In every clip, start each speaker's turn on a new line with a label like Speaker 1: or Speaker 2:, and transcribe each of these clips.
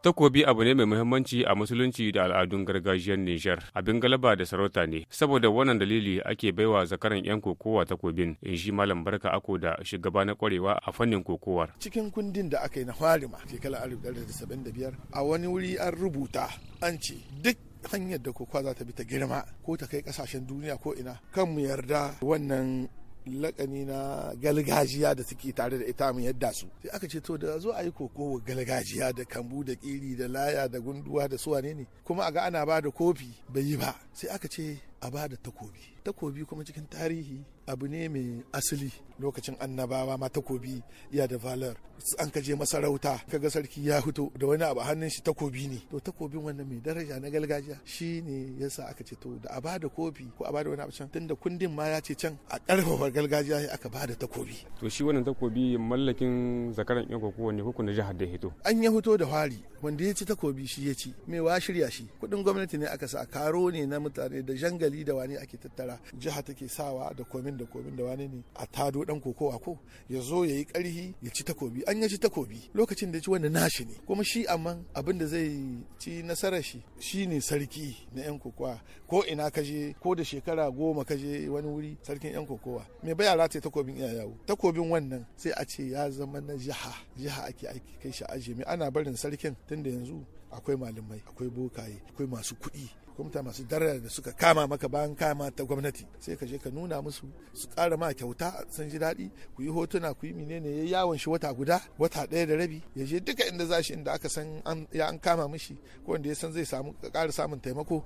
Speaker 1: Takobi abu ne mai muhimmanci a musulunci da al'adun gargajiyar Nijar. Abin galaba da sarauta ne. Saboda wannan dalili ake baiwa zakaran 'yan kokowa takobin in shi Malam Barka Ako da shugaba na kwarewa a fannin kokowar.
Speaker 2: Cikin kundin da aka yi na Farima shekarar 1975 a wani wuri an rubuta an ce duk hanyar da kokowa za ta bi ta girma ko ta kai kasashen duniya ko ina kan mu yarda wannan lakani na galgajiya da suke tare da ita mun yadda su sai aka ce to da zo a yi kokowa galgajiya da kambu da kiri da laya da gunduwa da suwane ne kuma a ga ana ba da kofi bai yi ba sai aka ce a ba da takobi takobi kuma cikin tarihi abu ne mai asali lokacin annabawa ma takobi ya da valar an kaje masarauta kaga sarki ya fito da wani abu hannun shi takobi ne to takobin wannan mai daraja na gargajiya shi ne yasa aka ce to da a ba da kofi ko a ba da wani abu can tunda kundin ma ya ce can a karfafa gargajiya aka ba da takobi
Speaker 1: to shi wannan takobi mallakin zakaran yan kokowa ne ko na jihar da hito
Speaker 2: an ya fito da fari wanda ya ci takobi shi ya ci mai wa shirya shi kuɗin gwamnati ne aka sa karo ne na mutane da janga dandali da wani ake tattara jiha take sawa da komin da komin da wani ne a tado dan kokowa ko ya zo ya yi karhi ya ci takobi an ya ci takobi lokacin da ya ci wanda nashi ne kuma shi amma abin da zai ci nasarar shi shi ne sarki na yan kokowa ko ina ka je ko da shekara goma ka je wani wuri sarkin yan kokowa mai baya rataye takobin iya takobin wannan sai a ce ya zama na jiha jiha ake aiki kai shi ajimi me ana barin sarkin tun da yanzu akwai malamai akwai bokaye akwai masu kuɗi akwai masu daraja da suka kama maka bayan kama ta gwamnati sai ka je ka nuna musu su ƙara ma kyauta san ji daɗi ku yi hotuna ku yi menene ya yawon shi wata guda wata ɗaya da rabi ya je duka inda za shi inda aka san ya an kama mishi ko wanda ya san zai samu ƙara samun taimako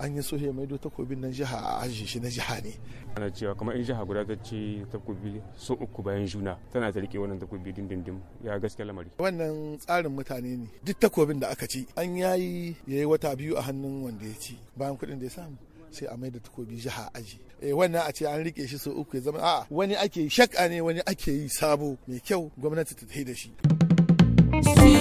Speaker 2: an yi so ya maido takobin nan jiha a aji shi na jiha ne
Speaker 1: ana cewa kamar in jiha guda ta ce takobi so uku bayan juna tana ta rike wannan takobi dindindim ya gaske lamari
Speaker 2: wannan tsarin mutane ne duk takobin da aka ci an yayi yi wata biyu a hannun wanda ya ci bayan kuɗin da ya samu sai a mai da takobi jiha a aji E, wannan a ce an rike shi so uku ya zama a wani ake shakka ne wani ake yi sabo mai kyau gwamnati ta da shi